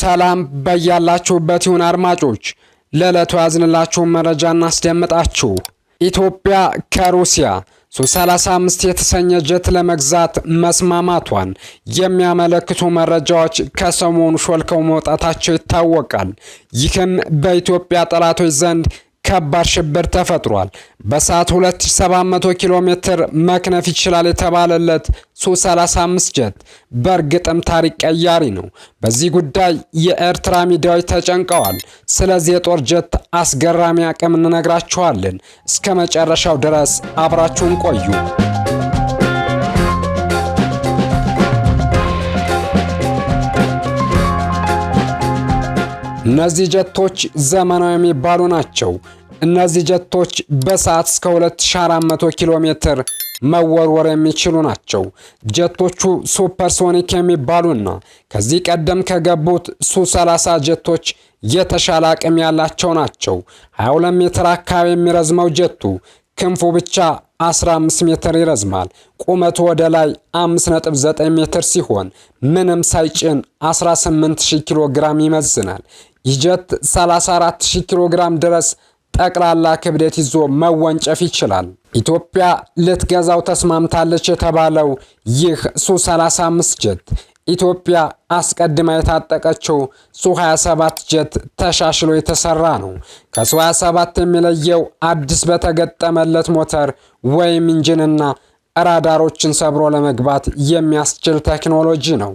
ሰላም በያላችሁበት ይሁን አድማጮች። ለዕለቱ ያዝንላችሁን መረጃ እናስደምጣችሁ። ኢትዮጵያ ከሩሲያ ሱ35 የተሰኘ ጀት ለመግዛት መስማማቷን የሚያመለክቱ መረጃዎች ከሰሞኑ ሾልከው መውጣታቸው ይታወቃል። ይህም በኢትዮጵያ ጠላቶች ዘንድ ከባድ ሽብር ተፈጥሯል። በሰዓት 2700 ኪሎ ሜትር መክነፍ ይችላል የተባለለት ሱ-35 ጀት በእርግጥም ታሪክ ቀያሪ ነው። በዚህ ጉዳይ የኤርትራ ሚዲያዎች ተጨንቀዋል። ስለዚህ የጦር ጀት አስገራሚ አቅም እንነግራችኋለን። እስከ መጨረሻው ድረስ አብራችሁን ቆዩ። እነዚህ ጀቶች ዘመናዊ የሚባሉ ናቸው። እነዚህ ጀቶች በሰዓት እስከ 2400 ኪሎ ሜትር መወርወር የሚችሉ ናቸው። ጀቶቹ ሱፐርሶኒክ የሚባሉና ከዚህ ቀደም ከገቡት ሱ 30 ጀቶች የተሻለ አቅም ያላቸው ናቸው። 22 ሜትር አካባቢ የሚረዝመው ጀቱ ክንፉ ብቻ 15 ሜትር ይረዝማል። ቁመቱ ወደ ላይ 5.9 ሜትር ሲሆን ምንም ሳይጭን 18000 ኪሎ ግራም ይመዝናል። ይህ ጀት 34000 ኪሎ ግራም ድረስ ጠቅላላ ክብደት ይዞ መወንጨፍ ይችላል። ኢትዮጵያ ልትገዛው ተስማምታለች የተባለው ይህ ሱ35 ጀት ኢትዮጵያ አስቀድማ የታጠቀችው ሱ27 ጀት ተሻሽሎ የተሰራ ነው። ከሱ27 የሚለየው አዲስ በተገጠመለት ሞተር ወይም ኢንጂንና ራዳሮችን ሰብሮ ለመግባት የሚያስችል ቴክኖሎጂ ነው።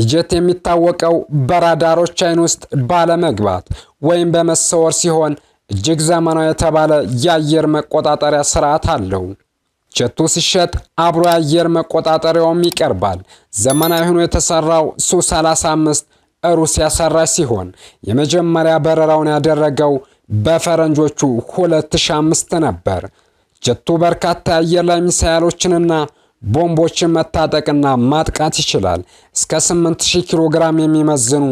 ኢጀት የሚታወቀው በራዳሮች አይን ውስጥ ባለመግባት ወይም በመሰወር ሲሆን እጅግ ዘመናዊ የተባለ የአየር መቆጣጠሪያ ስርዓት አለው። ጀቱ ሲሸጥ አብሮ የአየር መቆጣጠሪያውም ይቀርባል። ዘመናዊ ሆኖ የተሰራው ሱ 35 ሩሲያ ሰራሽ ሲሆን የመጀመሪያ በረራውን ያደረገው በፈረንጆቹ 2005 ነበር። ጀቱ በርካታ የአየር ላይ ሚሳይሎችንና ቦምቦችን መታጠቅና ማጥቃት ይችላል። እስከ 8000 ኪሎ ግራም የሚመዝኑ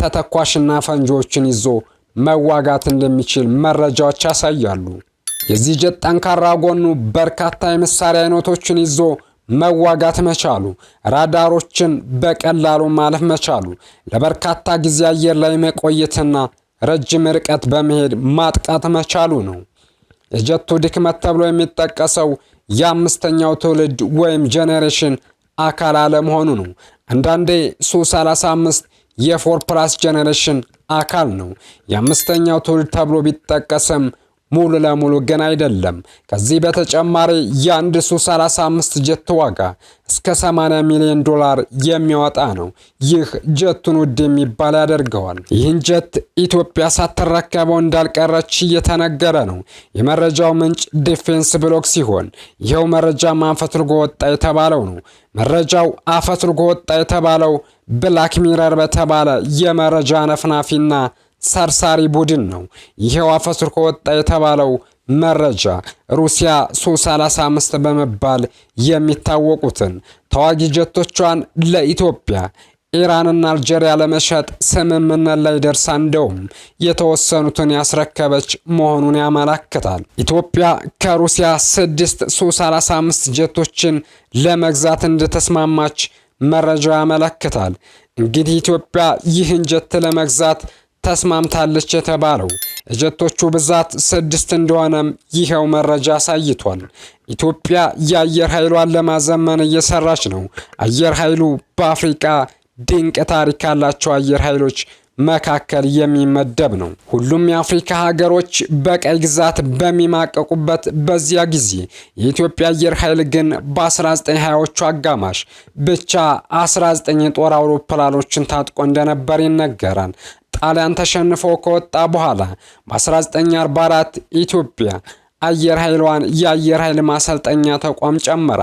ተተኳሽና ፈንጂዎችን ይዞ መዋጋት እንደሚችል መረጃዎች ያሳያሉ። የዚህ ጀት ጠንካራ ጎኑ በርካታ የመሳሪያ አይነቶችን ይዞ መዋጋት መቻሉ፣ ራዳሮችን በቀላሉ ማለፍ መቻሉ፣ ለበርካታ ጊዜ አየር ላይ መቆየትና ረጅም ርቀት በመሄድ ማጥቃት መቻሉ ነው። የጀቱ ድክመት ተብሎ የሚጠቀሰው የአምስተኛው ትውልድ ወይም ጄኔሬሽን አካል አለመሆኑ ነው። አንዳንዴ ሱ 35 የፎር ፕላስ ጄኔሬሽን አካል ነው። የአምስተኛው ትውልድ ተብሎ ቢጠቀስም ሙሉ ለሙሉ ግን አይደለም። ከዚህ በተጨማሪ የአንድ ሱ-35 ጀት ዋጋ እስከ 80 ሚሊዮን ዶላር የሚያወጣ ነው። ይህ ጀቱን ውድ የሚባል ያደርገዋል። ይህን ጀት ኢትዮጵያ ሳትረከበው እንዳልቀረች እየተነገረ ነው። የመረጃው ምንጭ ዲፌንስ ብሎክ ሲሆን ይኸው መረጃም አፈትልጎ ወጣ የተባለው ነው። መረጃው አፈትልጎ ወጣ የተባለው ብላክ ሚረር በተባለ የመረጃ ነፍናፊና ሰርሳሪ ቡድን ነው። ይሄው አፈሱር ከወጣ የተባለው መረጃ ሩሲያ ሱ 35 በመባል የሚታወቁትን ተዋጊ ጀቶቿን ለኢትዮጵያ ኢራንና አልጄሪያ ለመሸጥ ስምምነት ላይ ደርሳ እንደውም የተወሰኑትን ያስረከበች መሆኑን ያመላክታል። ኢትዮጵያ ከሩሲያ ስድስት ሱ 35 ጀቶችን ለመግዛት እንደተስማማች መረጃው ያመለክታል። እንግዲህ ኢትዮጵያ ይህን ጀት ለመግዛት ተስማምታለች የተባለው የጀቶቹ ብዛት ስድስት እንደሆነም ይኸው መረጃ አሳይቷል። ኢትዮጵያ የአየር ኃይሏን ለማዘመን እየሰራች ነው። አየር ኃይሉ በአፍሪቃ ድንቅ ታሪክ ካላቸው አየር ኃይሎች መካከል የሚመደብ ነው። ሁሉም የአፍሪካ ሀገሮች በቀይ ግዛት በሚማቀቁበት በዚያ ጊዜ የኢትዮጵያ አየር ኃይል ግን በ1920ዎቹ አጋማሽ ብቻ 19 የጦር አውሮፕላኖችን ታጥቆ እንደነበር ይነገራል። ጣሊያን ተሸንፎ ከወጣ በኋላ በ1944 ኢትዮጵያ አየር ኃይሏን የአየር ኃይል ማሰልጠኛ ተቋም ጨምራ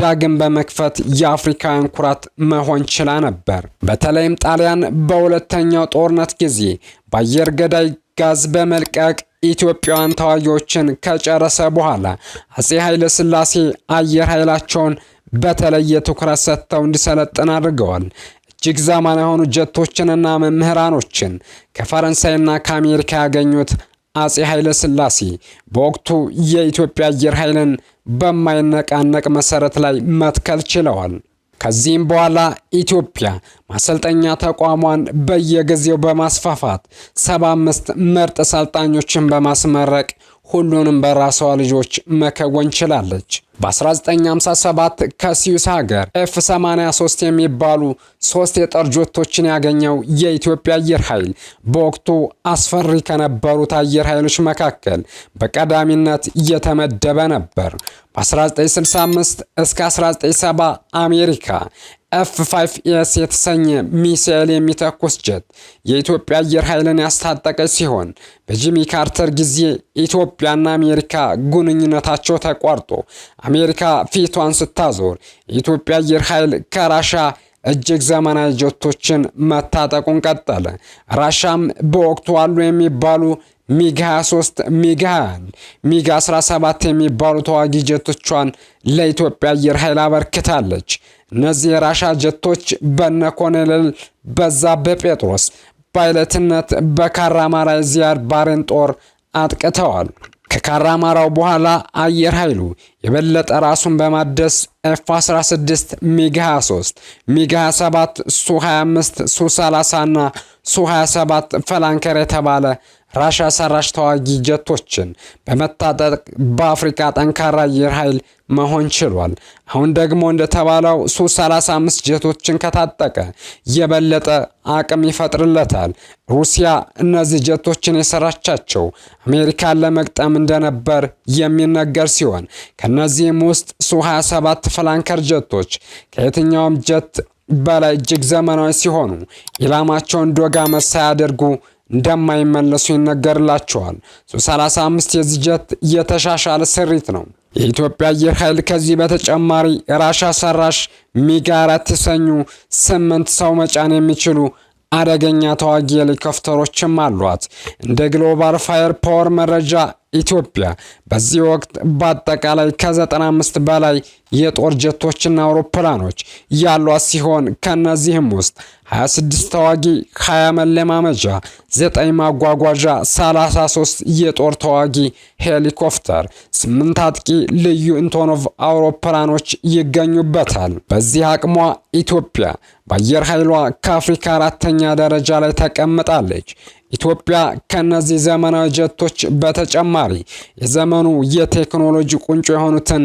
ዳግም በመክፈት የአፍሪካውያን ኩራት መሆን ችላ ነበር። በተለይም ጣሊያን በሁለተኛው ጦርነት ጊዜ በአየር ገዳይ ጋዝ በመልቀቅ ኢትዮጵያውያን ተዋጊዎችን ከጨረሰ በኋላ አጼ ኃይለ ሥላሴ አየር ኃይላቸውን በተለየ ትኩረት ሰጥተው እንዲሰለጥን አድርገዋል። እጅግ ዘመን የሆኑ ጀቶችንና መምህራኖችን ከፈረንሳይና ከአሜሪካ ያገኙት አፄ ኃይለ ሥላሴ በወቅቱ የኢትዮጵያ አየር ኃይልን በማይነቃነቅ መሰረት ላይ መትከል ችለዋል። ከዚህም በኋላ ኢትዮጵያ ማሰልጠኛ ተቋሟን በየጊዜው በማስፋፋት 75 ምርጥ ሰልጣኞችን በማስመረቅ ሁሉንም በራሷ ልጆች መከወን ችላለች። በ1957 ከስዊስ ሀገር ኤፍ 83 የሚባሉ ሶስት የጦር ጀቶችን ያገኘው የኢትዮጵያ አየር ኃይል በወቅቱ አስፈሪ ከነበሩት አየር ኃይሎች መካከል በቀዳሚነት እየተመደበ ነበር። በ1965 እስከ 1970 አሜሪካ ኤፍ5ኤስ የተሰኘ ሚሳኤል የሚተኩስ ጀት የኢትዮጵያ አየር ኃይልን ያስታጠቀች ሲሆን በጂሚ ካርተር ጊዜ ኢትዮጵያና አሜሪካ ግንኙነታቸው ተቋርጦ አሜሪካ ፊቷን ስታዞር የኢትዮጵያ አየር ኃይል ከራሻ እጅግ ዘመናዊ ጀቶችን መታጠቁን ቀጠለ። ራሻም በወቅቱ አሉ የሚባሉ ሚግ 23፣ ሚግ 21፣ ሚግ 17 የሚባሉ ተዋጊ ጀቶቿን ለኢትዮጵያ አየር ኃይል አበርክታለች። እነዚህ የራሻ ጀቶች በነ ኮሎኔል በዛብህ ጴጥሮስ ፓይለትነት በካራማራይ ዚያድ ባሬን ጦር አጥቅተዋል። ከጠንካራ በኋላ አየር ኃይሉ የበለጠ ራሱን በማደስ ኤፍ 16 ሚግ 23 ሚግ 27 ሱ 25 ሱ 30 እና ሱ 27 ፈላንከር የተባለ ራሻ ሰራሽ ተዋጊ ጀቶችን በመታጠቅ በአፍሪካ ጠንካራ አየር ኃይል መሆን ችሏል። አሁን ደግሞ እንደተባለው ሱ 35 ጀቶችን ከታጠቀ የበለጠ አቅም ይፈጥርለታል። ሩሲያ እነዚህ ጀቶችን የሰራቻቸው አሜሪካን ለመቅጠም እንደነበር የሚነገር ሲሆን ከነዚህም ውስጥ ሱ 27 ፍላንከር ጀቶች ከየትኛውም ጀት በላይ እጅግ ዘመናዊ ሲሆኑ ኢላማቸውን ዶጋ አመት ሳያደርጉ እንደማይመለሱ ይነገርላቸዋል። 35 የዚህ ጀት የተሻሻለ ስሪት ነው። የኢትዮጵያ አየር ኃይል ከዚህ በተጨማሪ ራሻ ሰራሽ ሚግ የተሰኙ ስምንት ሰው መጫን የሚችሉ አደገኛ ተዋጊ ሄሊኮፕተሮችም አሏት። እንደ ግሎባል ፋየር ፓወር መረጃ ኢትዮጵያ በዚህ ወቅት በአጠቃላይ ከ95 በላይ የጦር ጀቶችና አውሮፕላኖች ያሏት ሲሆን ከእነዚህም ውስጥ 26 ተዋጊ፣ 20 መለማመጃ፣ 9 ማጓጓዣ፣ 33 የጦር ተዋጊ ሄሊኮፕተር፣ 8 አጥቂ ልዩ ኢንቶኖቭ አውሮፕላኖች ይገኙበታል። በዚህ አቅሟ ኢትዮጵያ በአየር ኃይሏ ከአፍሪካ አራተኛ ደረጃ ላይ ተቀምጣለች። ኢትዮጵያ ከነዚህ ዘመናዊ ጀቶች በተጨማሪ የዘመኑ የቴክኖሎጂ ቁንጮ የሆኑትን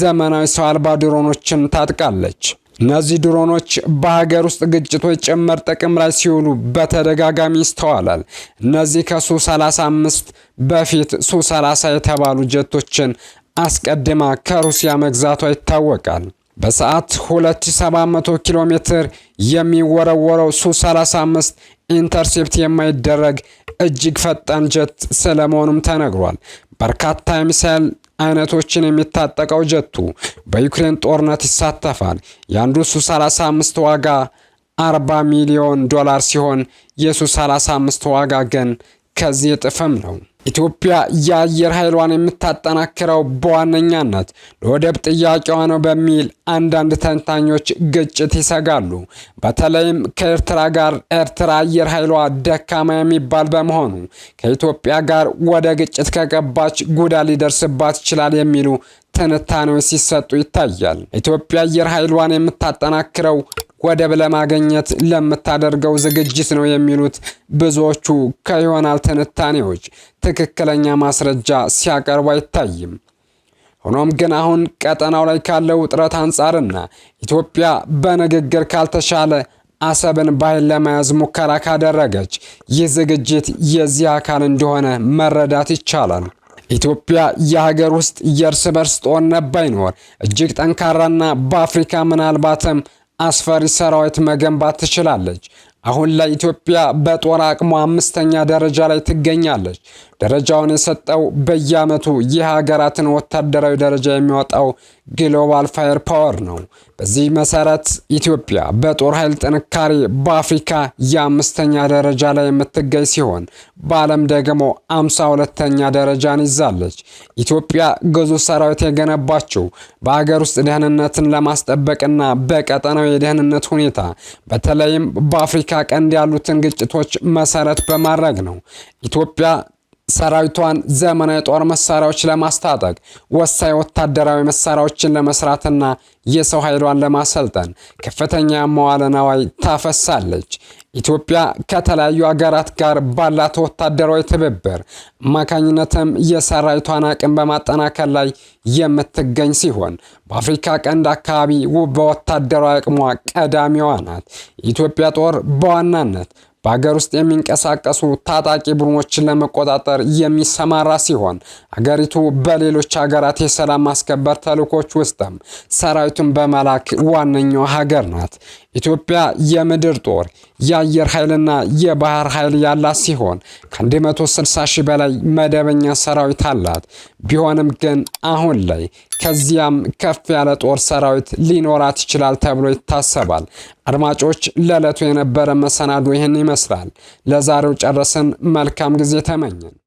ዘመናዊ ሰው አልባ ድሮኖችን ታጥቃለች። እነዚህ ድሮኖች በሀገር ውስጥ ግጭቶች ጭምር ጥቅም ላይ ሲውሉ በተደጋጋሚ ይስተዋላል። እነዚህ ከሱ 35 በፊት ሱ 30 የተባሉ ጀቶችን አስቀድማ ከሩሲያ መግዛቷ ይታወቃል። በሰዓት 2700 ኪሎ ሜትር የሚወረወረው ሱ 35 ኢንተርሴፕት የማይደረግ እጅግ ፈጣን ጀት ስለመሆኑም ተነግሯል። በርካታ የሚሳይል አይነቶችን የሚታጠቀው ጀቱ በዩክሬን ጦርነት ይሳተፋል። የአንዱ ሱ 35 ዋጋ 40 ሚሊዮን ዶላር ሲሆን የሱ 35 ዋጋ ግን ከዚህ እጥፍም ነው። ኢትዮጵያ የአየር ኃይሏን የምታጠናክረው በዋነኛነት ለወደብ ጥያቄዋ ነው በሚል አንዳንድ ተንታኞች ግጭት ይሰጋሉ። በተለይም ከኤርትራ ጋር ኤርትራ አየር ኃይሏ ደካማ የሚባል በመሆኑ ከኢትዮጵያ ጋር ወደ ግጭት ከገባች ጉዳ ሊደርስባት ይችላል የሚሉ ትንታኔዎች ሲሰጡ ይታያል። ኢትዮጵያ አየር ኃይሏን የምታጠናክረው ወደብ ለማግኘት ለምታደርገው ዝግጅት ነው የሚሉት ብዙዎቹ ከይሆናል ትንታኔዎች ትክክለኛ ማስረጃ ሲያቀርቡ አይታይም። ሆኖም ግን አሁን ቀጠናው ላይ ካለው ውጥረት አንጻርና ኢትዮጵያ በንግግር ካልተሻለ አሰብን በኃይል ለመያዝ ሙከራ ካደረገች ይህ ዝግጅት የዚህ አካል እንደሆነ መረዳት ይቻላል። ኢትዮጵያ የሀገር ውስጥ የእርስ በርስ ጦርነት ባይኖር እጅግ ጠንካራና በአፍሪካ ምናልባትም አስፈሪ ሰራዊት መገንባት ትችላለች። አሁን ላይ ኢትዮጵያ በጦር አቅሟ አምስተኛ ደረጃ ላይ ትገኛለች። ደረጃውን የሰጠው በየዓመቱ የሀገራትን ወታደራዊ ደረጃ የሚወጣው ግሎባል ፋየር ፓወር ነው። በዚህ መሰረት ኢትዮጵያ በጦር ኃይል ጥንካሬ በአፍሪካ የአምስተኛ ደረጃ ላይ የምትገኝ ሲሆን በዓለም ደግሞ አምሳ ሁለተኛ ደረጃን ይዛለች። ኢትዮጵያ ግዙፍ ሰራዊት የገነባችው በሀገር ውስጥ ደህንነትን ለማስጠበቅና በቀጠናው የደህንነት ሁኔታ በተለይም በአፍሪካ ቀንድ ያሉትን ግጭቶች መሰረት በማድረግ ነው። ኢትዮጵያ ሰራዊቷን ዘመናዊ ጦር መሳሪያዎች ለማስታጠቅ ወሳኝ ወታደራዊ መሳሪያዎችን ለመስራትና የሰው ኃይሏን ለማሰልጠን ከፍተኛ መዋለ ታፈሳለች። ኢትዮጵያ ከተለያዩ ሀገራት ጋር ባላት ወታደራዊ ትብብር አማካኝነትም የሰራዊቷን አቅም በማጠናከር ላይ የምትገኝ ሲሆን በአፍሪካ ቀንድ አካባቢ በወታደራዊ አቅሟ ቀዳሚዋ ናት። ኢትዮጵያ ጦር በዋናነት በሀገር ውስጥ የሚንቀሳቀሱ ታጣቂ ቡድኖችን ለመቆጣጠር የሚሰማራ ሲሆን አገሪቱ በሌሎች ሀገራት የሰላም ማስከበር ተልእኮች ውስጥም ሰራዊቱን በመላክ ዋነኛው ሀገር ናት። ኢትዮጵያ የምድር ጦር፣ የአየር ኃይልና የባህር ኃይል ያላት ሲሆን ከ160 ሺህ በላይ መደበኛ ሰራዊት አላት። ቢሆንም ግን አሁን ላይ ከዚያም ከፍ ያለ ጦር ሰራዊት ሊኖራት ይችላል ተብሎ ይታሰባል። አድማጮች፣ ለዕለቱ የነበረ መሰናዶ ይህን ይመስላል። ለዛሬው ጨረስን። መልካም ጊዜ ተመኘን።